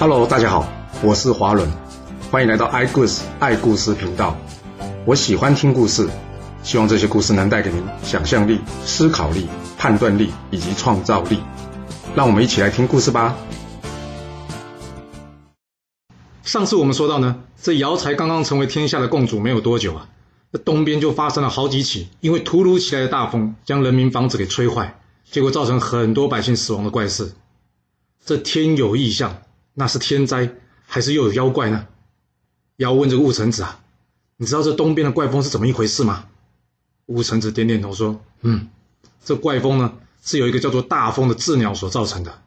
Hello，大家好，我是華倫，歡迎來到 iGoose 愛故事頻道。我喜歡聽故事，希望這些故事能帶給您想象力、思考力、判斷力以及創造力。讓我們一起來聽故事吧。上次我們說到呢，這堯才剛剛成為天下的共主沒有多久啊，那東邊就發生了好幾起因為突如其來的大風將人民房子給吹壞，結果造成很多百姓死亡的怪事。這天有異象。那是天災還是又有妖怪呢？堯問這個務成子啊，你知道這東邊的怪風是怎麼一回事嗎？務成子點點頭說：“嗯，這怪風呢是由一個叫做大風的鷙鳥所造成的，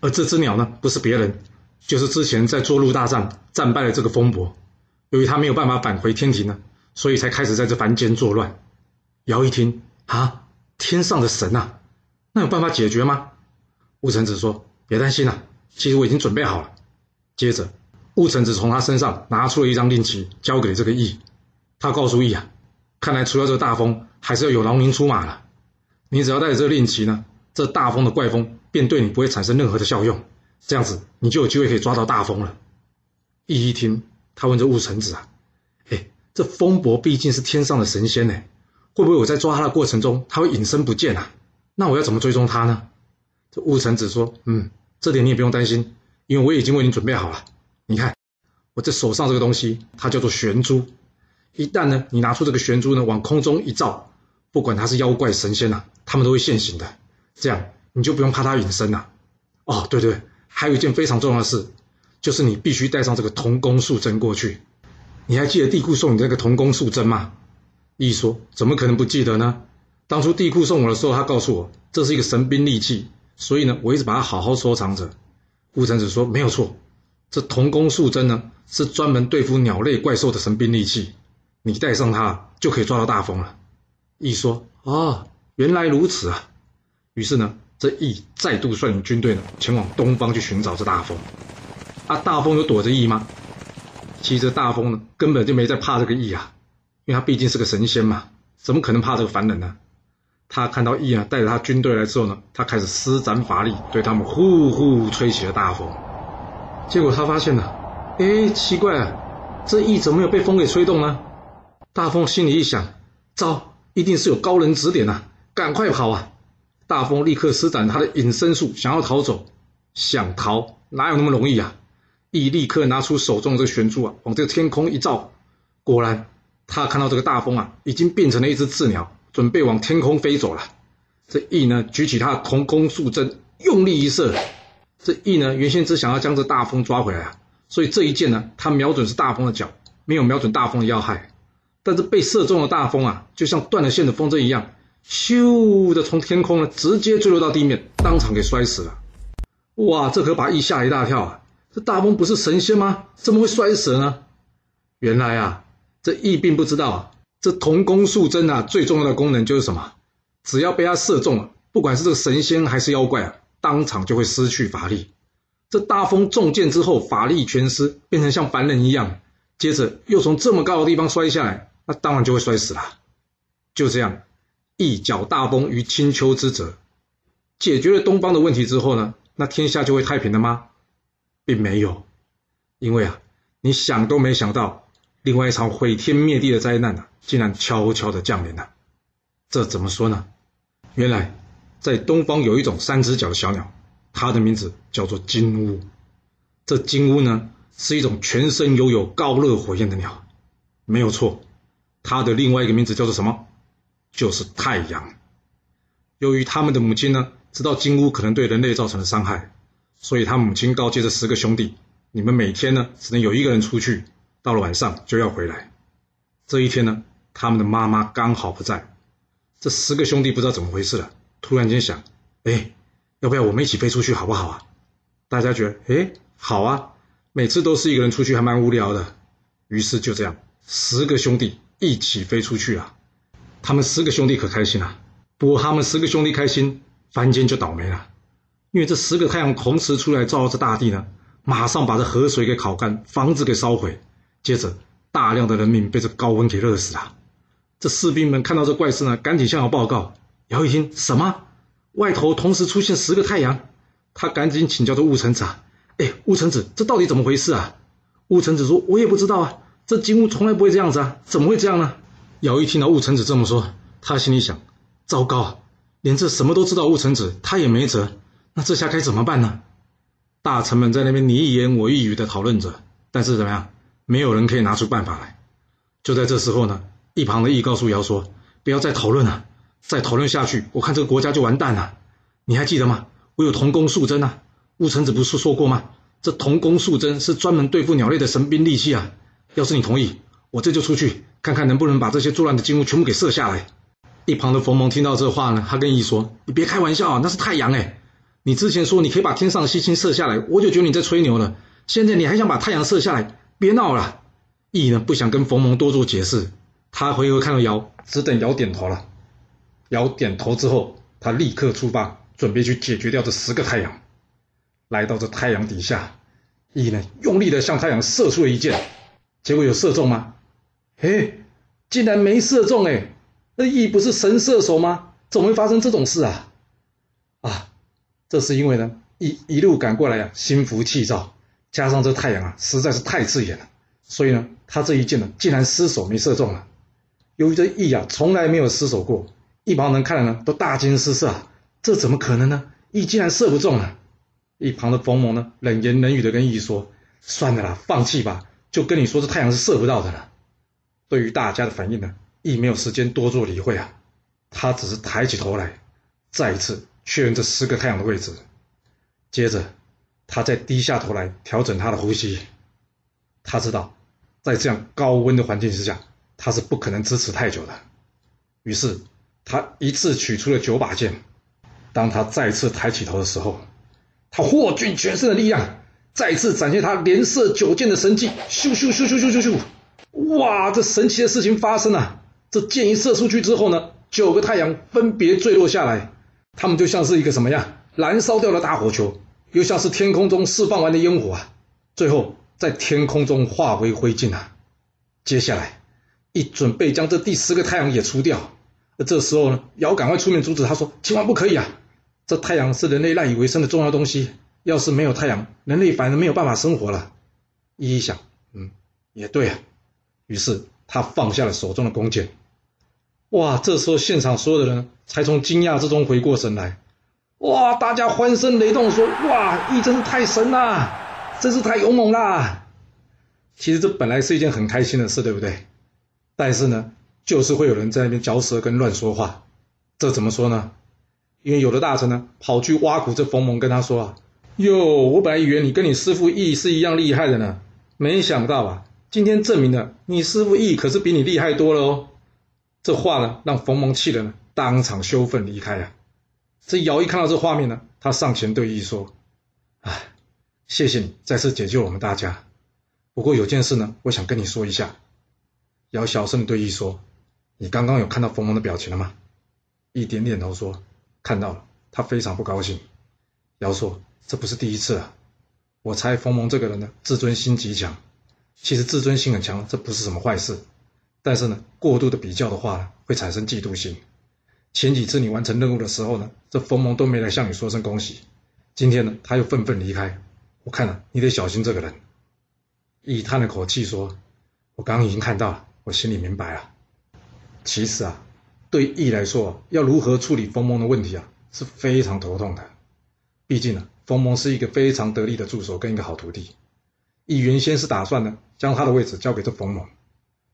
而這隻鳥呢不是別人，就是之前在涿鹿大戰戰敗了這個風伯，由於他沒有辦法返回天庭呢，所以才開始在這凡間作亂。”堯一聽啊，天上的神吶、啊，那有辦法解決嗎？務成子說：“別擔心了、啊。”其實我已經準備好了。接着，務成子從他身上拿出了一張令旗，交給這個羿。他告訴羿啊，看來除了這個大風，還是要有勞您出馬了。你只要帶着這個令旗呢，這大風的怪風便對你不會產生任何的效用。這樣子，你就有機會可以抓到大風了。羿一,一聽，他問這務成子啊，哎，這風伯畢竟是天上的神仙呢，會不會我在抓他的過程中，他會隱身不見啊？那我要怎麼追蹤他呢？這務成子說，嗯。這點你也不用擔心，因為我已經為你準備好了。你看，我這手上這個東西，它叫做玄珠。一旦呢，你拿出這個玄珠呢，往空中一照，不管他是妖怪、神仙吶、啊，他們都會現形的。這樣你就不用怕他隱身了、啊。哦，對對，還有一件非常重要的事，就是你必須帶上這個彤弓素矰過去。你還記得帝嚳送你這個彤弓素矰嗎？羿說，怎麼可能不記得呢？當初帝嚳送我的時候，他告訴我這是一個神兵利器。所以呢，我一直把它好好收藏着。顧城子說：“沒有錯，這彤弓素矰呢，是專門對付鳥類怪獸的神兵利器。你帶上它，就可以抓到大風了。”羿說：“啊、哦，原來如此啊！”於是呢，這羿再度率領軍隊呢，前往東方去尋找這大風。啊，大風有躲着羿嗎？其實大風呢，根本就沒在怕這個羿啊，因為他畢竟是個神仙嘛，怎麼可能怕這個凡人呢、啊？他看到羿啊帶着他軍隊來之後呢，他開始施展法力，對他們呼呼吹起了大風。結果他發現呢，哎，奇怪啊，這羿怎麼沒有被風給吹動呢？大風心裡一想，糟，一定是有高人指點吶，啊，趕快跑啊！大風立刻施展他的隱身術，想要逃走，想逃哪有那麼容易啊，羿立刻拿出手中的這個玄珠啊，往這個天空一照，果然他看到這個大風啊，已經變成了一隻鷙鳥。準備往天空飛走了，這羿呢舉起他的彤弓素矰，用力一射。這羿呢原先只想要將這大風抓回來啊，所以這一箭呢，他瞄準是大風的腳，沒有瞄準大風的要害。但是被射中的大風啊，就像斷了線的風箏一樣，咻的從天空呢直接墜落到地面，當場給摔死了。哇，這可把羿嚇了一大跳啊！這大風不是神仙嗎？怎麼會摔死呢？原來啊，這羿並不知道啊。這彤弓素矰啊，最重要的功能就是什麼？只要被它射中了，不管是這個神仙還是妖怪啊，當場就會失去法力。這大風中箭之後法力全失，變成像凡人一樣，接着又從這麼高的地方摔下來，那當然就會摔死了。就這樣，一繳大風於青丘之澤，解決了東方的問題之後呢，那天下就會太平了嗎？並沒有，因為啊，你想都沒想到，另外一場毀天滅地的災難啊，竟然悄悄地降臨了啊，這怎麼說呢？原來，在東方有一種三隻腳的小鳥，它的名字叫做金烏。這金烏呢，是一種全身擁有高熱火焰的鳥，沒有錯。它的另外一個名字叫做什麼？就是太陽。由於他們的母親呢，知道金烏可能對人類造成了傷害，所以他母親告誡這十個兄弟：“你們每天呢，只能有一個人出去，到了晚上就要回來。”這一天呢。他們的媽媽剛好不在，這十個兄弟不知道怎麼回事了，突然間想，哎，要不要我們一起飛出去好不好啊？大家覺得，哎，好啊！每次都是一個人出去，還蠻無聊的。於是就這樣，十個兄弟一起飛出去啊，他們十個兄弟可開心了啊，不過他們十個兄弟開心，凡間就倒霉了，因為這十個太陽同時出來照着大地呢，馬上把這河水給烤乾，房子給燒毀，接着大量的人民被這高溫給熱死了。這士兵們看到這怪事呢，趕緊向我報告。堯一聽，什麼？外頭同時出現十個太陽？他趕緊請教這務成子：“啊，哎，務成子，這到底怎麼回事啊？”務成子說：“我也不知道啊，這金烏從來不會這樣子啊，怎麼會這樣呢？”堯一聽到務成子這麼說，他心裡想：糟糕啊，連這什麼都知道務成子，務成子他也沒轍。那這下該怎麼辦呢？大臣們在那邊你一言我一語的討論着，但是怎麼樣，沒有人可以拿出辦法來。就在這時候呢。一旁的羿告訴堯說：“不要再討論了，啊，再討論下去，我看這個國家就完蛋了。你還記得嗎？我有彤弓素矰啊。巫臣子不是說過嗎？這彤弓素矰是專門對付鳥類的神兵利器啊。要是你同意，我這就出去看看能不能把這些作亂的金烏全部給射下來。”一旁的馮蒙聽到這話呢，他跟羿說：“你別開玩笑啊，那是太陽哎！你之前說你可以把天上的星星射下來，我就覺得你在吹牛了。現在你還想把太陽射下來？別鬧了，啊。”羿呢，不想跟馮蒙多做解釋。他回頭看到堯，只等堯點頭了。堯點頭之後，他立刻出發，準備去解決掉這十個太陽。來到這太陽底下，羿呢用力的向太陽射出了一箭，結果有射中嗎？嘿，竟然沒射中哎、欸！那羿不是神射手嗎？怎麼會發生這種事啊？啊，這是因為呢，羿一路趕過來啊，心浮氣躁，加上這太陽啊實在是太刺眼了，所以呢，他這一箭呢，竟然失手沒射中了。由於這羿啊，從來沒有失手過，一旁人看了呢，都大驚失色啊。這怎麼可能呢？羿竟然射不中了！一旁的逢蒙呢，冷言冷語的跟羿說：“算了啦，放棄吧，就跟你說這太陽是射不到的了。”對於大家的反應呢，羿沒有時間多做理會啊，他只是抬起頭來，再一次確認這十個太陽的位置。接着，他再低下頭來調整他的呼吸。他知道，在這樣高溫的環境之下。他是不可能支持太久的，於是他一次取出了九把箭。當他再次抬起頭的時候，他獲盡全身的力量，再次展現他連射九箭的神跡。咻咻咻咻咻咻咻！哇，這神奇的事情發生了，啊。這箭一射出去之後呢，九個太陽分別墜落下來，他們就像是一個什麼呀？燃燒掉的大火球，又像是天空中釋放完的煙火啊。最後在天空中化為灰燼啊，接下來。羿準備將這第十個太陽也除掉，這時候呢，堯趕快出面阻止，他說：“千萬不可以啊！這太陽是人類賴以為生的重要東西，要是沒有太陽，人類反而沒有辦法生活了。”羿想，嗯，也對啊。於是他放下了手中的弓箭。哇！這時候現場所有的人才從驚訝之中回過神來。哇！大家歡聲雷動，說：“哇！羿真是太神了，真是太勇猛了！”其實這本來是一件很開心的事，對不對？但是呢，就是會有人在那邊嚼舌根、亂說話，這怎麼說呢？因為有的大臣呢，跑去挖苦這馮蒙，跟他說啊：“喲，我本來以為，你跟你師傅羿是一樣厲害的呢。沒想到啊，今天證明了，你師傅羿可是比你厲害多了哦。”這話呢，讓馮蒙氣的呢，當場羞憤離開啊。這堯一看到這畫面呢，他上前對羿說：“哎，謝謝你再次解救我們大家。不過有件事呢，我想跟你說一下。”姚小聲對羿說：“你剛剛有看到逢蒙的表情了嗎？”羿點點頭說：“看到了，他非常不高興。”姚說：“這不是第一次了、啊，我猜逢蒙這個人呢，自尊心極強。其實自尊心很強，這不是什麼壞事。但是呢，過度的比較的話呢，會產生嫉妒心。前幾次你完成任務的時候呢，這逢蒙都沒來向你說聲恭喜。今天呢，他又憤憤離開。我看了、啊，你得小心這個人。”羿嘆了口氣說：“我剛剛已經看到了。”我心裡明白啊，其實啊，對羿來說，要如何處理逢蒙的問題啊，是非常頭痛的。畢竟呢、啊，逢蒙是一個非常得力的助手，跟一個好徒弟。羿原先是打算呢，將他的位置交給這逢蒙，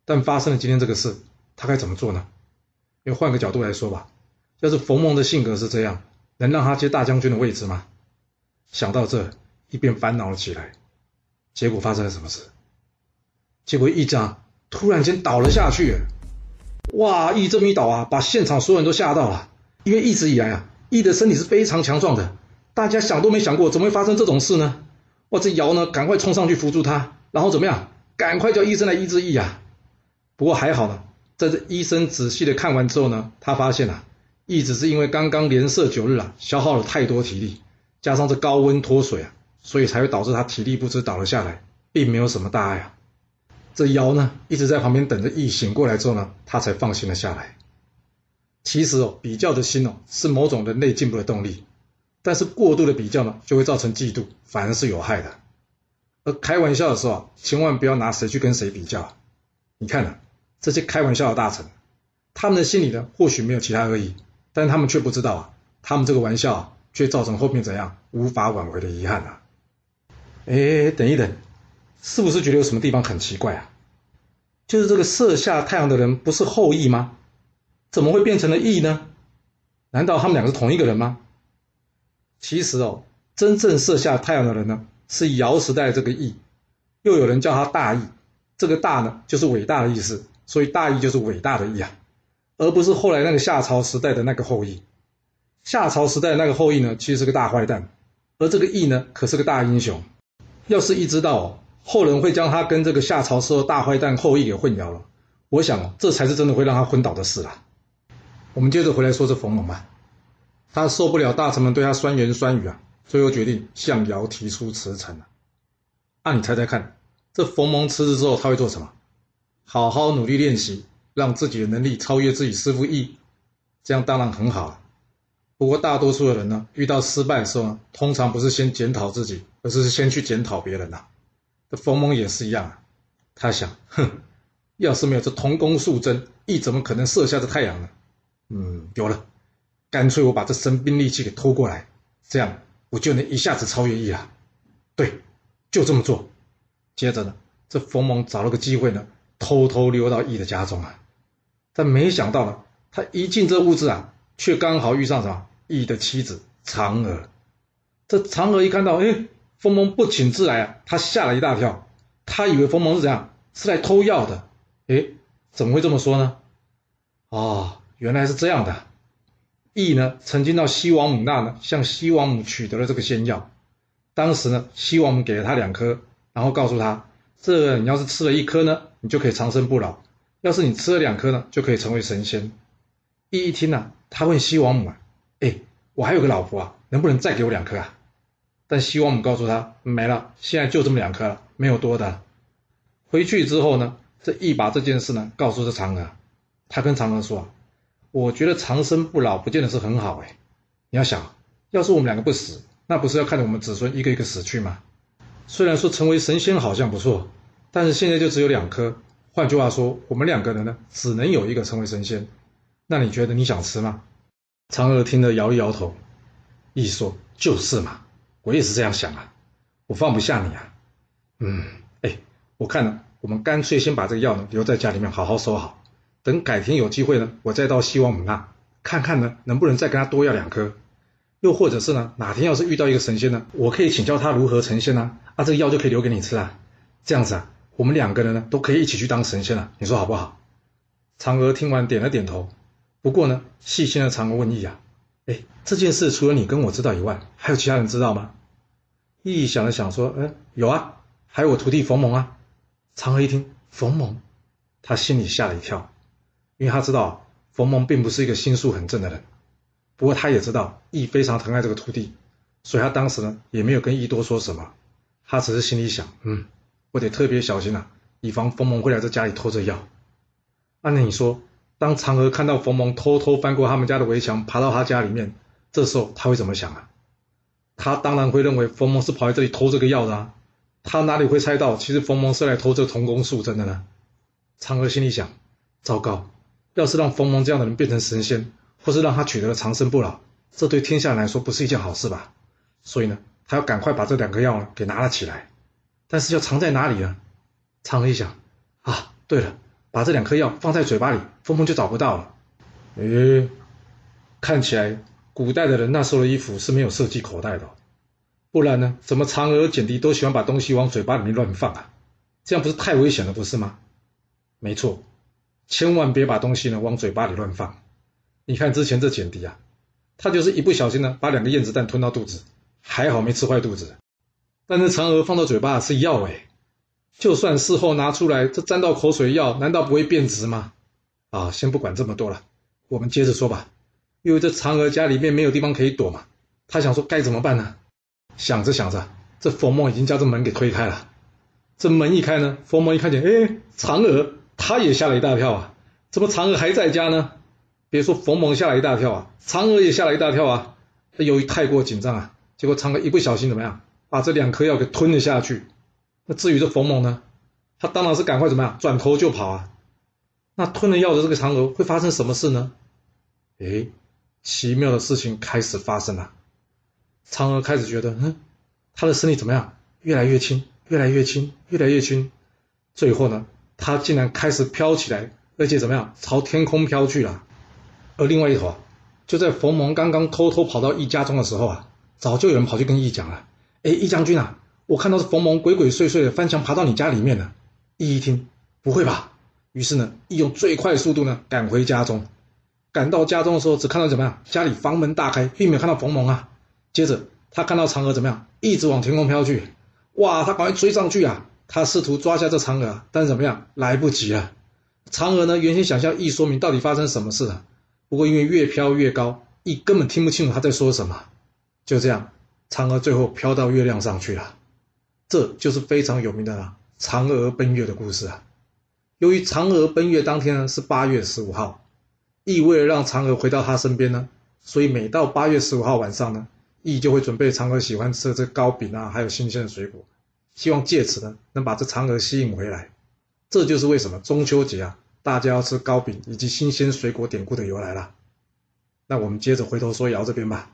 但發生了今天這個事，他該怎麼做呢？要換個角度來說吧，要是逢蒙的性格是這樣，能讓他接大將軍的位置嗎？想到這，羿便煩惱了起來。結果發生了什麼事？結果羿章。突然間倒了下去了，哇！羿這麼一倒啊，把現場所有人都嚇到了。因為一直以來啊，羿的身體是非常強壯的，大家想都沒想過怎麼會發生這種事呢？哇！這堯呢，趕快衝上去扶住他，然後怎麼樣？趕快叫醫生來醫治羿啊！不過還好呢，在這醫生仔細的看完之後呢，他發現啊，羿只是因為剛剛連射九日啊，消耗了太多體力，加上這高溫脫水啊，所以才會導致他體力不支倒了下來，並沒有什麼大礙啊。這堯呢，一直在旁邊等着，羿醒過來之後呢，他才放心了下來。其實哦，比較的心哦，是某種人類進步的動力，但是過度的比較呢，就會造成嫉妒，反而是有害的。而開玩笑的時候，千萬不要拿誰去跟誰比較。你看呢、啊，這些開玩笑的大臣，他們的心裡呢，或許沒有其他惡意，但他們卻不知道啊，他們這個玩笑啊，卻造成後面怎樣無法挽回的遺憾啊。哎，等一等。是不是覺得有什麼地方很奇怪啊？就是這個射下太陽的人不是後羿嗎？怎麼會變成了羿呢？難道他們兩個是同一個人嗎？其實哦，真正射下太陽的人呢，是堯時代這個羿，又有人叫他大羿。這個“大”呢，就是偉大的意思，所以大羿就是偉大的羿啊，而不是後來那個夏朝時代的那個後羿。夏朝時代的那個後羿呢，其實是個大壞蛋，而這個羿呢，可是個大英雄。要是一知道哦。後人會將他跟這個夏朝時候的大壞蛋后羿給混淆了。我想，這才是真的會讓他昏倒的事啊。我們接着回來說這逢蒙吧、啊，他受不了大臣們對他酸言酸語啊，最後決定向堯提出辭呈了。那你猜猜看，這逢蒙辭職之後他會做什麼？好好努力練習，讓自己的能力超越自己師傅羿，這樣當然很好。不過大多數的人呢，遇到失敗的時候呢，通常不是先檢討自己，而是先去檢討別人吶、啊。這逢蒙也是一樣啊，他想，哼，要是沒有這彤弓素矰，羿怎麼可能射下這太陽呢？嗯，有了，乾脆我把這神兵利器給偷過來，這樣我就能一下子超越羿了、啊。對，就這麼做。接着呢，這逢蒙找了個機會呢，偷偷溜到羿的家中啊，但沒想到呢，他一進這屋子啊，卻剛好遇上什麼羿的妻子嫦娥。這嫦娥一看到，哎。逢蒙不請自來啊，他嚇了一大跳，他以為逢蒙是怎樣，是來偷藥的。誒，怎麼會這麼說呢？啊、哦，原來是這樣的。羿呢，曾經到西王母那呢，向西王母取得了這個仙藥。當時呢，西王母給了他兩顆，然後告訴他，這個、你要是吃了一顆呢，你就可以長生不老；要是你吃了兩顆呢，就可以成為神仙。羿一聽呢、啊，他問西王母、啊：“誒，我還有個老婆啊，能不能再給我兩顆啊？”但西王母告訴他，沒了，現在就這麼兩顆了，沒有多的。回去之後呢，這羿把這件事呢告訴這嫦娥，他跟嫦娥說，我覺得長生不老不見得是很好哎，你要想，要是我們兩個不死，那不是要看着我們子孫一個一個死去嗎？雖然說成為神仙好像不錯，但是現在就只有兩顆，換句話說，我們兩個人呢只能有一個成為神仙。那你覺得你想吃嗎？嫦娥聽了搖一搖頭，羿說就是嘛。我也是這樣想啊，我放不下你啊，嗯，哎，我看呢，我們乾脆先把這個藥呢留在家裡面好好收好，等改天有機會呢，我再到西王母那看看呢，能不能再跟他多要兩顆，又或者是呢，哪天要是遇到一個神仙呢，我可以請教他如何成仙呢，啊，這個藥就可以留給你吃啊，這樣子啊，我們兩個人呢都可以一起去當神仙了，啊，你說好不好？嫦娥聽完點了點頭，不過呢，細心的嫦娥問羿啊。哎，這件事除了你跟我知道以外，還有其他人知道嗎？易想了想說：“嗯，有啊，還有我徒弟馮蒙啊。”嫦娥一聽馮蒙，他心裡嚇了一跳，因為他知道馮蒙並不是一個心術很正的人。不過他也知道易非常疼愛這個徒弟，所以他當時呢也沒有跟易多說什麼，他只是心裡想：“嗯，我得特別小心吶、啊，以防馮蒙會來在家裡偷着藥。”按理說。當嫦娥看到逢蒙偷偷翻過他們家的圍牆，爬到他家裡面，這時候他會怎麼想啊？他當然會認為逢蒙是跑來這裡偷這個藥的，啊，他哪裡會猜到，其實逢蒙是來偷這個彤弓素矰的呢？嫦娥心裡想：糟糕，要是讓逢蒙這樣的人變成神仙，或是讓他取得了長生不老，這對天下人來說不是一件好事吧？所以呢，他要趕快把這兩個藥給拿了起來，但是要藏在哪裡啊？嫦娥一想：啊，對了。把這兩顆藥放在嘴巴裡，逢蒙就找不到了。咦、欸，看起來古代的人那時候的衣服是沒有設計口袋的，不然呢，怎麼嫦娥、簡狄都喜歡把東西往嘴巴裡面亂放啊，這樣不是太危險了，不是嗎？沒錯，千萬別把東西呢往嘴巴裡亂放。你看之前這簡狄啊，他就是一不小心呢把兩個燕子蛋吞到肚子，還好沒吃壞肚子。但是嫦娥放到嘴巴是藥哎、欸。就算事後拿出來，這沾到口水藥難道不會變質嗎？啊，先不管這麼多了，我們接着說吧。因為這嫦娥家裡面沒有地方可以躲嘛，她想說該怎麼辦呢？想着想着，這逢蒙已經將這門給推開了。這門一開呢，逢蒙一看見，哎，嫦娥，他也嚇了一大跳啊！怎麼嫦娥還在家呢？別說逢蒙嚇了一大跳啊，嫦娥也嚇了一大跳啊。由、哎、於太過緊張啊，結果嫦娥一不小心怎麼樣，把這兩顆藥給吞了下去。那至於這逢蒙呢，他當然是趕快怎麼樣，轉頭就跑啊。那吞了藥的這個嫦娥會發生什麼事呢？哎，奇妙的事情開始發生了。嫦娥開始覺得，嗯，他的身體怎麼樣，越來越輕，越來越輕，越來越輕。最後呢，他竟然開始飄起來，而且怎麼樣，朝天空飄去了。而另外一頭啊，就在逢蒙剛剛偷偷跑到羿家中的時候啊，早就有人跑去跟羿講了，哎，羿將軍啊。我看到是馮蒙鬼鬼祟祟的翻牆爬到你家裡面了。啊，羿一,一聽，不會吧？於是呢，羿用最快速度呢趕回家中。趕到家中的時候，只看到怎麼樣，家裡房門大開，並沒有看到馮蒙啊。接着他看到嫦娥怎麼樣，一直往天空飄去。哇，他趕快追上去啊！他試圖抓下這嫦娥，但是怎麼樣，來不及了。嫦娥呢，原先想向羿說明到底發生什麼事了。啊，不過因為越飄越高，羿根本聽不清楚他在說什麼。就這樣，嫦娥最後飄到月亮上去了。這就是非常有名的啦、啊，嫦娥奔月的故事啊。由於嫦娥奔月當天呢，是八月十五號，羿為了讓嫦娥回到他身邊呢，所以每到八月十五號晚上呢，羿就會準備嫦娥喜歡吃的這糕餅啊，還有新鮮的水果，希望借此呢能把這嫦娥吸引回來。這就是為什麼中秋節啊，大家要吃糕餅以及新鮮水果典故的由來了。那我們接着回頭說堯這邊吧，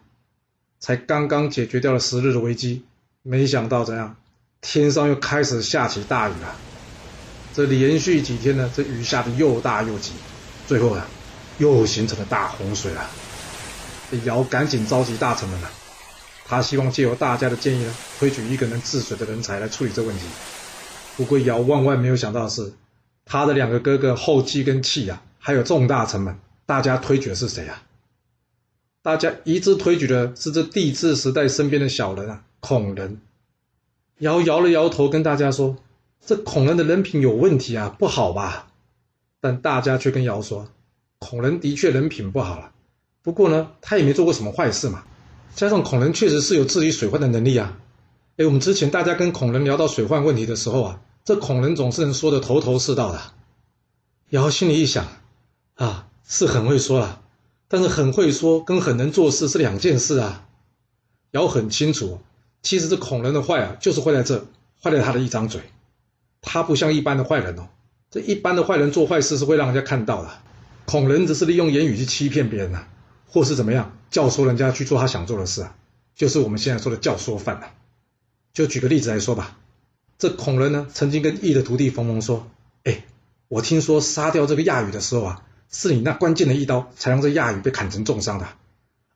才剛剛解決掉了十日的危機，沒想到怎樣？天上又開始下起大雨了、啊，這連續幾天呢，這雨下的又大又急，最後啊，又形成了大洪水了、啊。堯趕緊召集大臣們了、啊，他希望借由大家的建議呢，推舉一個能治水的人才來處理這問題。不過堯萬萬沒有想到的是，他的兩個哥哥後稷跟契啊，還有眾大臣們，大家推舉的是誰啊？大家一致推舉的是這帝摯時代身邊的小人啊，孔壬。堯搖，搖了搖頭，跟大家說：“這孔人的人品有問題啊，不好吧？”但大家卻跟堯說：“孔人的確人品不好了，不過呢，他也沒做過什麼壞事嘛。加上孔人確實是有治理水患的能力啊。哎，我們之前大家跟孔人聊到水患問題的時候啊，這孔人總是能說得頭頭是道的。堯心裡一想，啊，是很會說了，啊，但是很會說跟很能做事是兩件事啊。堯很清楚。”其實這孔人的壞啊，就是壞在這，壞了他的一張嘴。他不像一般的壞人哦，這一般的壞人做壞事是會讓人家看到的，孔人只是利用言語去欺騙別人啊，或是怎麼樣教唆人家去做他想做的事啊，就是我們現在說的教唆犯啊。就舉個例子來說吧，這孔人呢曾經跟易的徒弟馮龍說：“哎，我聽說殺掉這個亞羽的時候啊，是你那關鍵的一刀才讓這亞羽被砍成重傷的，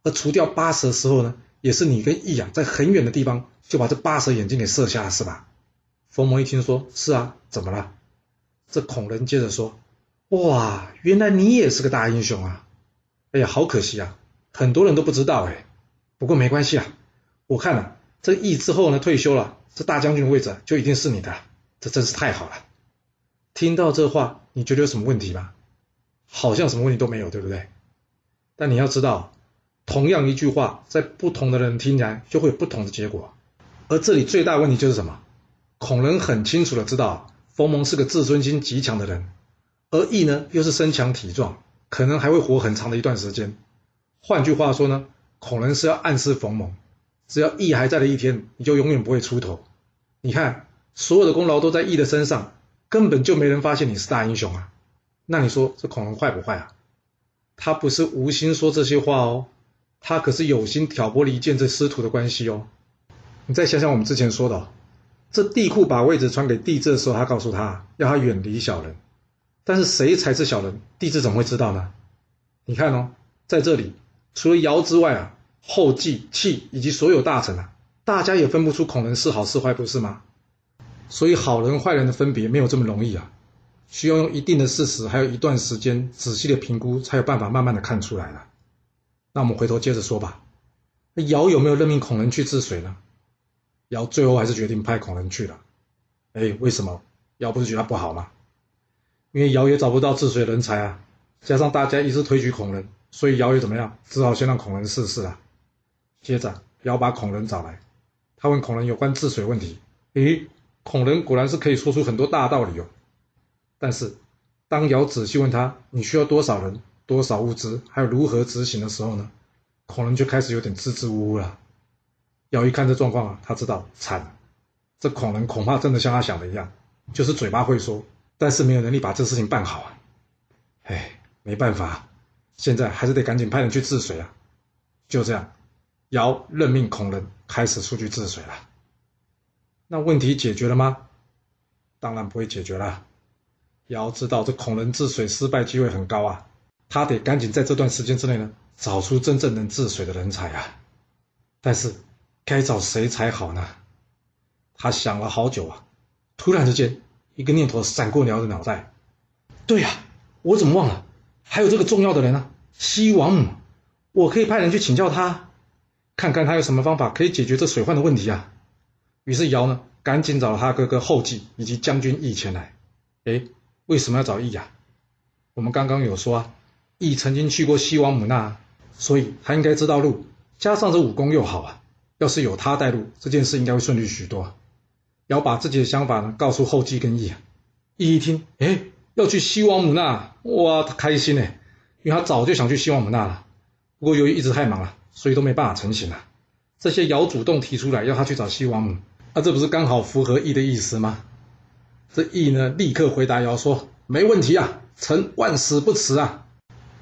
而除掉巴蛇的時候呢？”也是你跟羿、啊、在很遠的地方就把這巴蛇眼睛給射下了是吧？逢蒙一聽說，是啊，怎麼了？這孔仁接着說，哇，原來你也是個大英雄啊！哎呀，好可惜啊，很多人都不知道哎、欸。不過沒關係啊，我看了、啊、這羿之後呢，退休了，這大將軍的位置就一定是你的，這真是太好了。聽到這話，你覺得有什麼問題嗎？好像什麼問題都沒有，對不對？但你要知道。同樣一句話，在不同的人聽起來就會有不同的結果，而這裡最大問題就是什麼？孔壬很清楚的知道，逢蒙是個自尊心極強的人，而羿呢又是身強體壯，可能還會活很長的一段時間。換句話說呢，孔壬是要暗示逢蒙，只要羿還在的一天，你就永遠不會出頭。你看，所有的功勞都在羿的身上，根本就沒人發現你是大英雄啊。那你說這孔壬壞不壞啊？他不是無心說這些話哦。他可是有心挑撥離間這師徒的關係哦。你再想想我們之前說的，這帝嚳把位置傳給帝摯的時候，他告訴他要他遠離小人。但是誰才是小人？帝摯怎麼會知道呢？你看哦，在這裡除了堯之外啊，後稷、契以及所有大臣啊，大家也分不出孔人是好是壞，不是嗎？所以好人壞人的分別沒有這麼容易啊，需要用一定的事實，還有一段時間仔細的評估，才有辦法慢慢的看出來了。那我們回頭接着說吧。堯有沒有任命孔人去治水呢？堯最後還是決定派孔人去了。哎，為什麼？堯不是覺得他不好嗎？因為堯也找不到治水的人才啊，加上大家一致推舉孔人，所以堯也怎麼樣，只好先讓孔人試試了啊。接着，堯把孔人找來，他問孔人有關治水問題。咦，孔人果然是可以說出很多大道理哦。但是，當堯仔細問他，你需要多少人？多少物資，還有如何執行的時候呢？孔人就開始有點支支吾吾了。堯一看這狀況啊，他知道慘。這孔人恐怕真的像他想的一樣，就是嘴巴會說，但是沒有能力把這事情辦好啊。哎，沒辦法，現在還是得趕緊派人去治水啊。就這樣，堯任命孔人開始出去治水了。那問題解決了嗎？當然不會解決了。堯知道這孔人治水失敗機會很高啊。他得趕緊在這段時間之內呢，找出真正能治水的人才啊！但是該找誰才好呢？他想了好久啊，突然之間一個念頭閃過堯的腦袋。對呀、啊，我怎麼忘了還有這個重要的人呢、啊？西王母，我可以派人去請教他，看看他有什麼方法可以解決這水患的問題啊！於是堯呢，趕緊找了他哥哥後繼以及將軍羿前來。誒，為什麼要找羿呀、啊？我們剛剛有說啊。羿曾經去過西王母那，所以他應該知道路。加上這武功又好啊，要是有他帶路，這件事應該會順利許多。堯把自己的想法呢告訴後稷跟羿啊，羿一聽，哎，要去西王母那，哇，他開心呢、欸，因為他早就想去西王母那了。不過由於一直太忙了、啊，所以都沒辦法成行啊。這些堯主動提出來要他去找西王母，那、啊、這不是剛好符合羿的意思嗎？這羿呢，立刻回答堯說：“沒問題啊，臣萬死不辭啊。”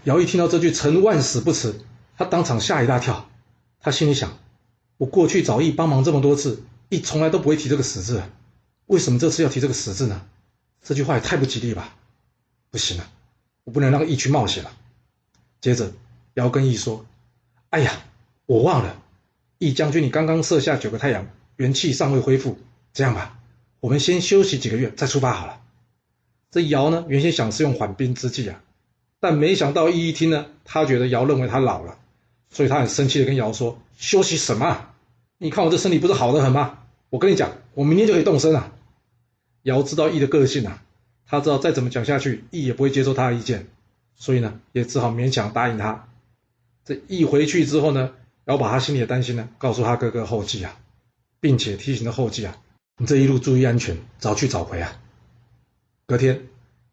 堯一聽到這句“臣萬死不辭”，他當場嚇一大跳。他心裡想：“我過去找羿幫忙這麼多次，羿從來都不會提這個死字，為什麼這次要提這個死字呢？這句話也太不吉利吧！不行了、啊，我不能讓羿去冒險了。”接着，堯跟羿說：“哎呀，我忘了，羿將軍，你剛剛射下九個太陽，元氣尚未恢復。這樣吧，我們先休息幾個月再出發好了。”這堯呢，原先想是用緩兵之計啊。但沒想到，羿一聽呢，他覺得堯認為他老了，所以他很生氣的跟堯說：“休息什麼？你看我這身體不是好得很嗎？我跟你講，我明天就可以動身了、啊。”堯知道羿的個性啊，他知道再怎麼講下去，羿也不會接受他的意見，所以呢，也只好勉強答應他。這一回去之後呢，堯把他心裡的擔心呢，告訴他哥哥后羿啊，並且提醒了後羿啊：“你這一路注意安全，早去早回啊。”隔天。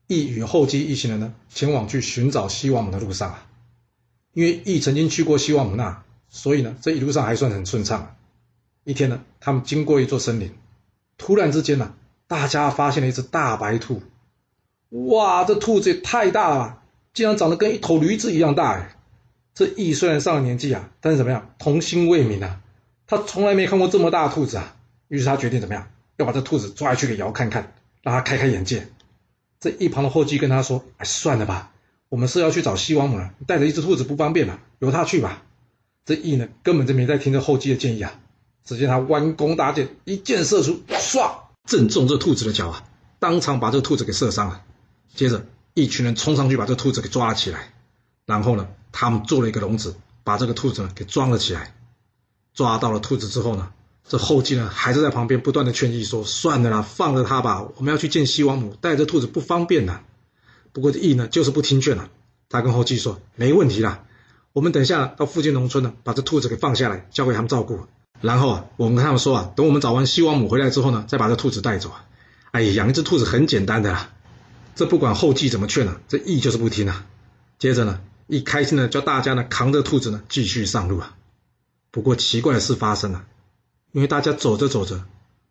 羿與後繼一行人呢，前往去尋找西王母的路上啊，因為羿曾經去過西王母那，所以呢，這一路上還算很順暢啊。一天呢，他們經過一座森林，突然之間呢、啊，大家發現了一隻大白兔，哇，這兔子也太大了，竟然長得跟一頭驢子一樣大哎！這羿雖然上了年紀啊，但是怎麼樣，童心未泯啊，他從來沒看過這麼大的兔子啊，於是他決定怎麼樣，要把這兔子抓去給瑤看看，讓她開開眼界。這一旁的後繼跟他說：“哎，算了吧，我們是要去找西王母了，帶着一隻兔子不方便了，由他去吧。”這羿呢，根本就沒在聽這後繼的建議啊。只見他彎弓搭箭，一箭射出，唰，正中這兔子的腳啊，當場把這個兔子給射傷了。接着，一群人衝上去把這兔子給抓了起來，然後呢，他們做了一個籠子，把這個兔子呢給裝了起來。抓到了兔子之後呢，這後繼呢，還是在旁邊不斷的勸羿說：“算了啦，放了他吧。我們要去見西王母，帶着兔子不方便吶。”不過這羿呢，就是不聽勸了啊。他跟後繼說：“沒問題啦，我們等下到附近農村呢，把這兔子給放下來，交給他們照顧。然後啊，我們跟他們說啊，等我們找完西王母回來之後呢，再把這兔子帶走。”哎，養一只兔子很簡單的啦。這不管後繼怎麼勸吶啊，這羿就是不聽啊。接着呢，羿開心的叫大家呢，扛着兔子呢，繼續上路啊。不過奇怪的事發生了啊。因為大家走着走着，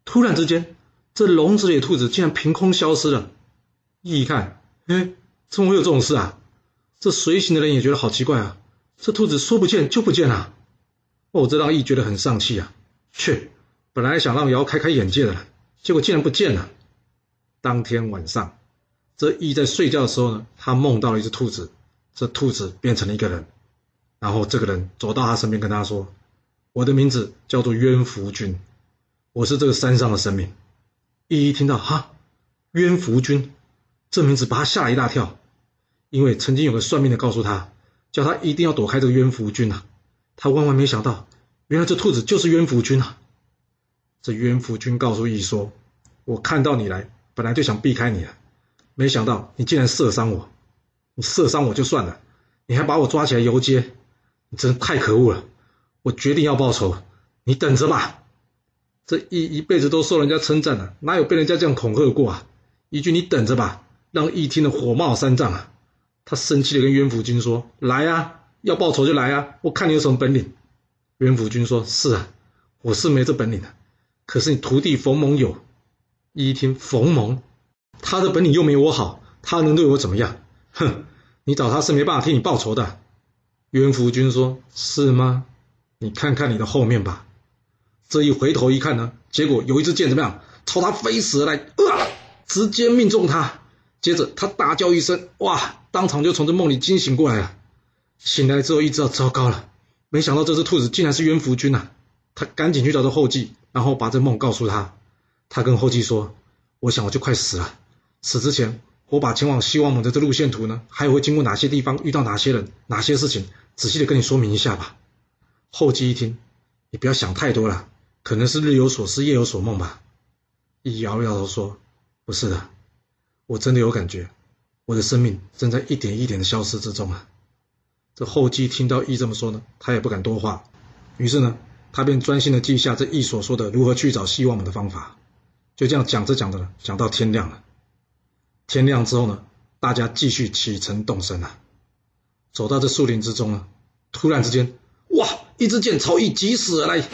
突然之間，這籠子裡的兔子竟然憑空消失了。易一看，哎，怎麼會有這種事啊？這隨行的人也覺得好奇怪啊，這兔子說不見就不見了啊。哦，這讓易覺得很喪氣啊！去，本來想讓瑤開開眼界的，結果竟然不見了。當天晚上，這易在睡覺的時候呢，他夢到了一只兔子，這兔子變成了一個人，然後這個人走到他身邊，跟他說。我的名字叫做冤福君，我是這個山上的神明。羿一聽到哈冤福君這名字，把他嚇了一大跳，因為曾經有個算命的告訴他，叫他一定要躲開這個冤福君吶啊。他萬萬沒想到，原來這兔子就是冤福君啊！這冤福君告訴羿說：“我看到你來，本來就想避開你了，沒想到你竟然射傷我，你射傷我就算了，你還把我抓起來遊街，你真的太可惡了。”我決定要報仇，你等着吧！這一一輩子都受人家稱讚了，哪有被人家這樣恐嚇過啊？一句“你等着吧”，讓一聽的火冒三丈啊！他生氣的跟淵福君說：“來啊，要報仇就來啊！我看你有什麼本領。”淵福君說：“是啊，我是沒這本領的。可是你徒弟逢蒙有。”一,一聽逢蒙，他的本領又沒我好，他能對我怎麼樣？哼，你找他是沒辦法替你報仇的。”淵福君說：“是嗎？”你看看你的後面吧。這一回頭一看呢，結果有一支箭怎麼樣朝他飛射而來，啊、呃，直接命中他。接着他大叫一聲，哇，當場就從這夢裡驚醒過來了。醒來之後一，意識到糟糕了，沒想到這隻兔子竟然是淵福君吶。他趕緊去找這后羿，然後把這夢告訴他。他跟后羿說：“我想我就快死了，死之前，我把前往西王母的這路線圖呢，還有會經過哪些地方，遇到哪些人，哪些事情，仔細的跟你說明一下吧。”後稷一聽，你不要想太多了，可能是日有所思夜有所夢吧。羿搖了搖頭說：“不是的，我真的有感覺，我的生命正在一點一點的消失之中啊。”這後稷聽到羿這麼說呢，他也不敢多話，於是呢，他便專心地記下這羿所說的如何去找希望我們的方法。就這樣講着講着呢，講到天亮了。天亮之後呢，大家繼續啟程動身了、啊，走到這樹林之中呢，突然之間。哇！一支箭朝羿急駛而來。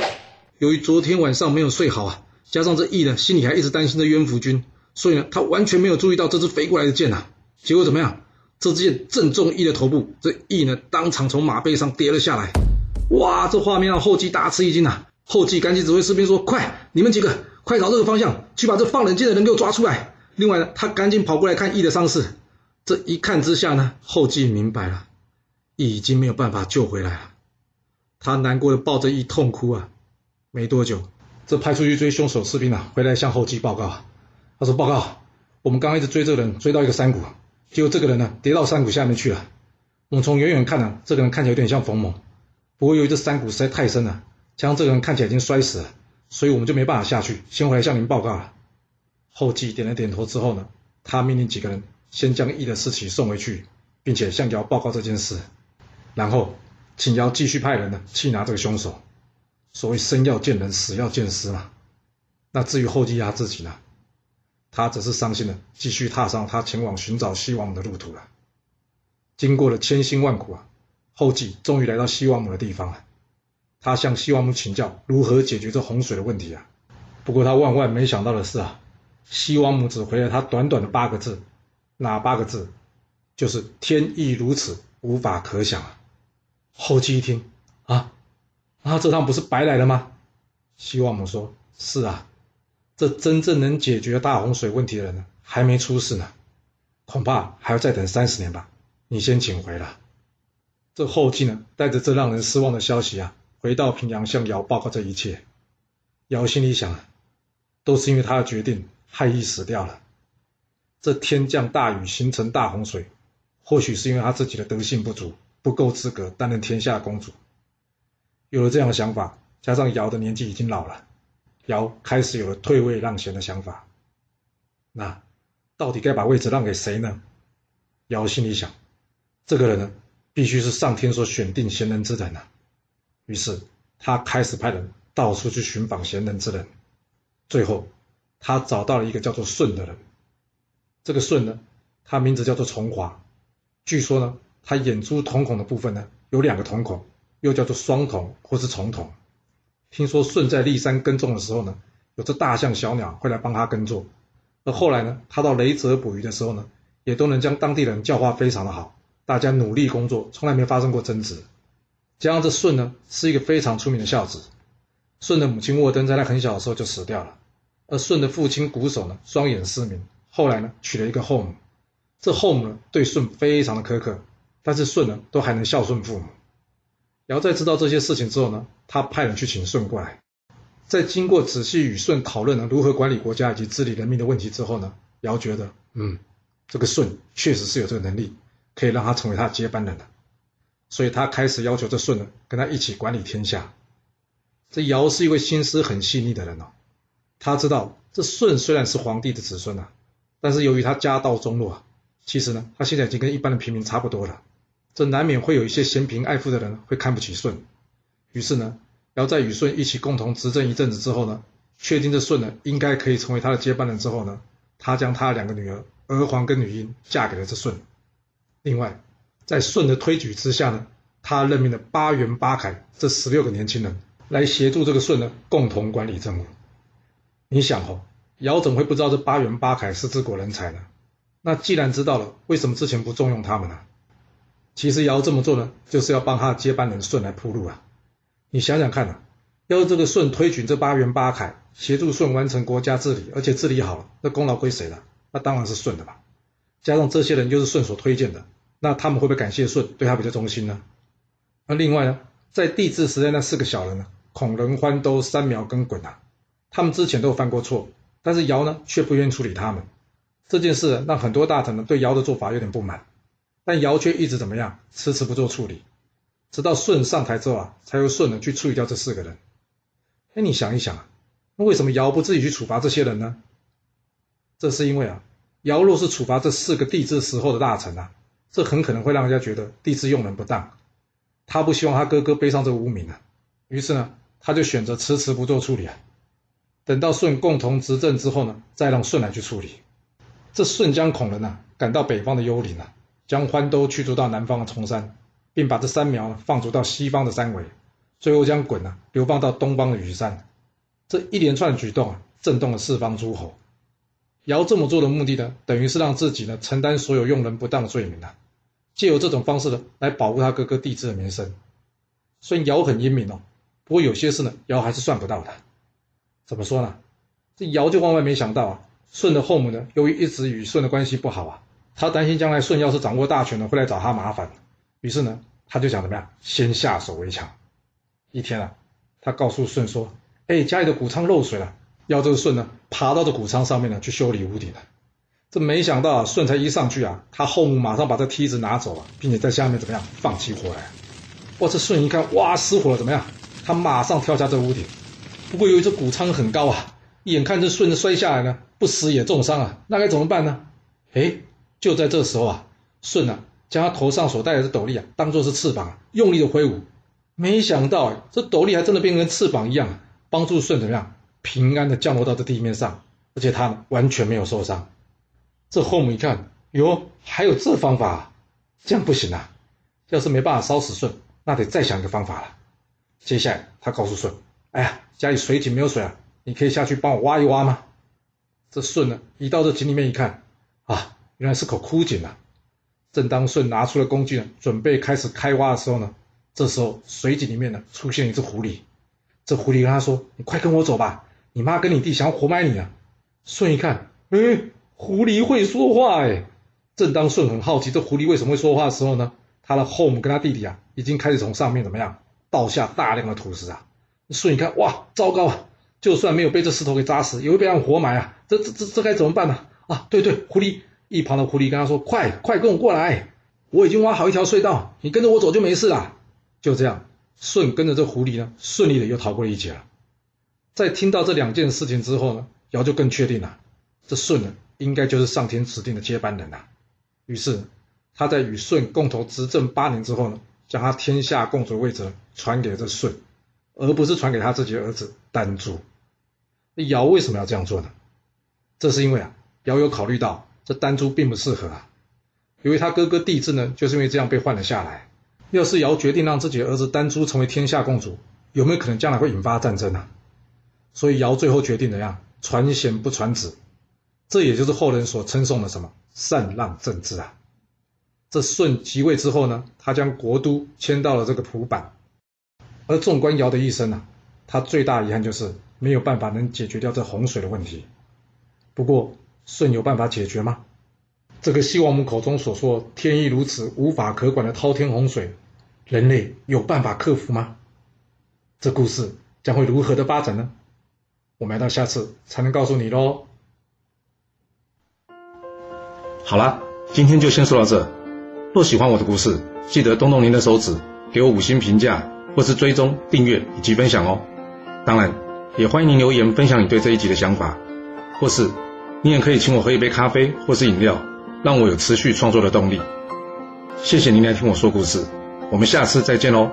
由於昨天晚上沒有睡好啊，加上這羿呢心裡還一直擔心着淵福軍，所以呢他完全沒有注意到這只飛過來的箭吶、啊。結果怎麼樣？這支箭正中羿的頭部，這羿呢當場從馬背上跌了下來。哇！這畫面讓后羿大吃一驚吶、啊。後羿趕緊指揮士兵說：“快，你們幾個快朝這個方向去把這放冷箭的人給我抓出來。”另外呢，他趕緊跑過來看羿的傷勢。這一看之下呢，後羿明白了，羿已經沒有辦法救回來了。他難過的抱着羿痛哭啊，沒多久，這派出去追凶手士兵啊，回來向后羿報告，他說：“報告，我們剛剛一直追這個人，追到一個山谷，結果這個人呢，跌到山谷下面去了。我們從遠遠看呢，這個人看起來有點像逢蒙，不過由於這山谷實在太深了，加上這個人看起來已經摔死了，所以我們就沒辦法下去，先回來向您報告了。”后羿點了點頭之後呢，他命令幾個人先將羿的屍體送回去，並且向堯報告這件事，然後。請堯繼續派人呢去拿這個凶手，所謂生要見人，死要見屍嘛、啊。那至於后羿他自己呢，他只是傷心的，繼續踏上他前往尋找西王母的路途了、啊。經過了千辛萬苦啊，後羿終於來到西王母的地方、啊，了，他向西王母請教如何解決這洪水的問題啊。不過他萬萬沒想到的是啊，西王母只回了他短短的八個字，那八個字就是天意如此，無法可想啊。後稷一聽，啊，啊，這趟不是白來了嗎？西王母說：“是啊，這真正能解決大洪水問題的人呢，還沒出世呢，恐怕還要再等三十年吧。”你先請回了。這後稷呢，帶着這讓人失望的消息啊，回到平陽向堯報告這一切。堯心裡想，都是因為他的決定，害羿死掉了。這天降大雨形成大洪水，或許是因為他自己的德性不足。不夠資格擔任天下共主，有了這樣的想法，加上堯的年紀已經老了，堯開始有了退位讓賢的想法。那到底該把位置讓給誰呢？堯心裡想，這個人呢，必須是上天所選定賢人之人吶、啊。於是他開始派人到處去尋訪賢人之人。最後，他找到了一個叫做舜的人。這個舜呢，他名字叫做重華，據說呢。他眼珠瞳孔的部分呢，有兩個瞳孔，又叫做雙瞳或是重瞳。聽說舜在歷山耕種的時候呢，有隻大象、小鳥會來幫他耕作。而後來呢，他到雷澤捕魚的時候呢，也都能將當地人教化非常的好，大家努力工作，從來沒發生過爭執。加上這舜呢，是一個非常出名的孝子。舜的母親沃登在他很小的時候就死掉了，而舜的父親瞽叟呢，雙眼失明，後來呢，娶了一個後母。這後母呢，對舜非常的苛刻。但是舜呢，都還能孝順父母。堯在知道這些事情之後呢，他派人去請舜過來。在經過仔細與舜討論了如何管理國家以及治理人民的問題之後呢，堯覺得，嗯，這個舜確實是有這個能力，可以讓他成為他的接班人的。所以他開始要求這舜呢，跟他一起管理天下。這堯是一位心思很細膩的人哦，他知道這舜雖然是皇帝的子孫啊，但是由於他家道中落啊，其實呢，他現在已經跟一般的平民差不多了。這難免會有一些嫌貧愛富的人會看不起舜，於是呢，堯在與舜一起共同執政一陣子之後呢，確定這舜呢應該可以成為他的接班人之後呢，他將他的兩個女兒娥皇跟女英嫁給了這舜。另外，在舜的推舉之下呢，他任命了八元八凱這十六個年輕人來協助這個舜呢共同管理政務。你想哦，堯怎麼會不知道這八元八凱是治國人才呢？那既然知道了，為什麼之前不重用他們呢？其實堯這麼做呢，就是要幫他接班人舜來鋪路啊。你想想看呢、啊，要是這個舜推舉這八元八愷，協助舜完成國家治理，而且治理好了，那功勞歸誰了？那當然是舜的吧。加上這些人就是舜所推薦的，那他們會不會感謝舜，對他比較忠心呢？那另外呢，在帝制時代，那四個小人呢，共工、驩兜、三苗跟鯀啊，他們之前都有犯過錯，但是堯呢卻不願意處理他們。這件事、啊、讓很多大臣呢對堯的做法有點不滿。但堯卻一直怎麼樣，遲遲不做處理，直到舜上台之後啊，才由舜呢去處理掉這四個人。哎，你想一想啊，那為什麼堯不自己去處罰這些人呢？這是因為啊，堯若是處罰這四個帝摯時候的大臣啊，這很可能會讓人家覺得帝摯用人不當。他不希望他哥哥背上這個汙名啊，於是呢，他就選擇遲遲不做處理啊，等到舜共同執政之後呢，再讓舜來去處理。這舜將孔人啊趕到北方的幽靈啊。將歡兜驅逐到南方的崇山，並把這三苗放逐到西方的三危，最後將鯀呢、啊、流放到東方的羽山。這一連串的舉動啊，震動了四方諸侯。堯這麼做的目的呢，等於是讓自己呢承擔所有用人不當的罪名啊，借由這種方式呢來保護他哥哥帝摯的名聲。所以堯很英明哦，不過有些事呢，堯還是算不到的。怎麼說呢？這堯就萬萬沒想到啊，舜的後母呢，由於一直與舜的關係不好啊。他擔心將來舜要是掌握大權呢，會來找他麻煩。於是呢，他就想怎麼樣，先下手為強。一天啊，他告訴舜說：“哎，家裡的穀倉漏水了，要這個舜呢爬到這穀倉上面呢去修理屋頂了。”這沒想到啊，舜才一上去啊，他後母馬上把這梯子拿走了啊，並且在下面怎麼樣放起火來。哇，這舜一看，哇，失火了，怎麼樣？他馬上跳下這屋頂。不過由於這穀倉很高啊，眼看這舜要摔下來呢，不死也重傷啊，那該怎麼辦呢？哎。就在這時候啊，舜啊，將他頭上所戴的斗笠啊，當做是翅膀啊，用力的揮舞。沒想到，這斗笠還真的變成翅膀一樣，幫助舜怎麼樣平安的降落到這地面上，而且他完全沒有受傷。這後母一看，喲，還有這方法啊，這樣不行啊！要是沒辦法燒死舜，那得再想一個方法了。接下來，他告訴舜，哎呀，家裡水井沒有水啊，你可以下去幫我挖一挖嗎？這舜啊，一到這井裡面一看，啊！原來是口枯井啊！正當舜拿出了工具呢，準備開始開挖的時候呢，這時候水井裡面呢出現了一只狐狸。這狐狸跟他說：“你快跟我走吧，你媽跟你弟想要活埋你啊！”舜一看，誒，嗯，狐狸會說話哎！正當舜很好奇這狐狸為什麼會說話的時候呢，他的後母跟他弟弟啊已經開始從上面怎麼樣倒下大量的土石啊！舜一看，哇，糟糕啊！就算沒有被這石頭給砸死，也會被他活埋啊！這這這這該怎麼辦呢？啊？啊，對對，狐狸。一旁的狐狸跟他說：“快快跟我過來，我已經挖好一條隧道，你跟着我走就沒事了。”就這樣，舜跟着這狐狸呢，順利的又逃過了一劫了。在聽到這兩件事情之後呢，堯就更確定了，這舜呢，應該就是上天指定的接班人吶。於是，他在與舜共同執政八年之後呢，將他天下共主位置傳給了這舜，而不是傳給他自己的兒子丹朱。那堯為什麼要這樣做呢？這是因為啊，堯有考慮到。這丹朱並不適合啊，因為他哥哥帝摯呢，就是因為這樣被換了下來。要是堯決定讓自己的兒子丹朱成為天下共主，有沒有可能將來會引發戰爭呢、啊？所以堯最後決定怎樣？傳賢不傳子，這也就是後人所稱頌的什麼禪讓政治啊。這舜即位之後呢，他將國都遷到了這個蒲坂。而縱觀堯的一生啊，他最大遺憾就是沒有辦法能解決掉這洪水的問題。不過。舜有辦法解決嗎？這個，希望我們口中所說“天意如此，無法可管”的滔天洪水，人類有辦法克服嗎？這故事將會如何的發展呢？我們要到下次才能告訴你嘍。好了，今天就先說到這。若喜歡我的故事，記得動動您的手指，給我五星評價，或是追蹤、訂閱以及分享哦。當然，也歡迎您留言分享你對這一集的想法，或是。你也可以請我喝一杯咖啡或是飲料，讓我有持續創作的動力。謝謝您來聽我說故事，我們下次再見囉。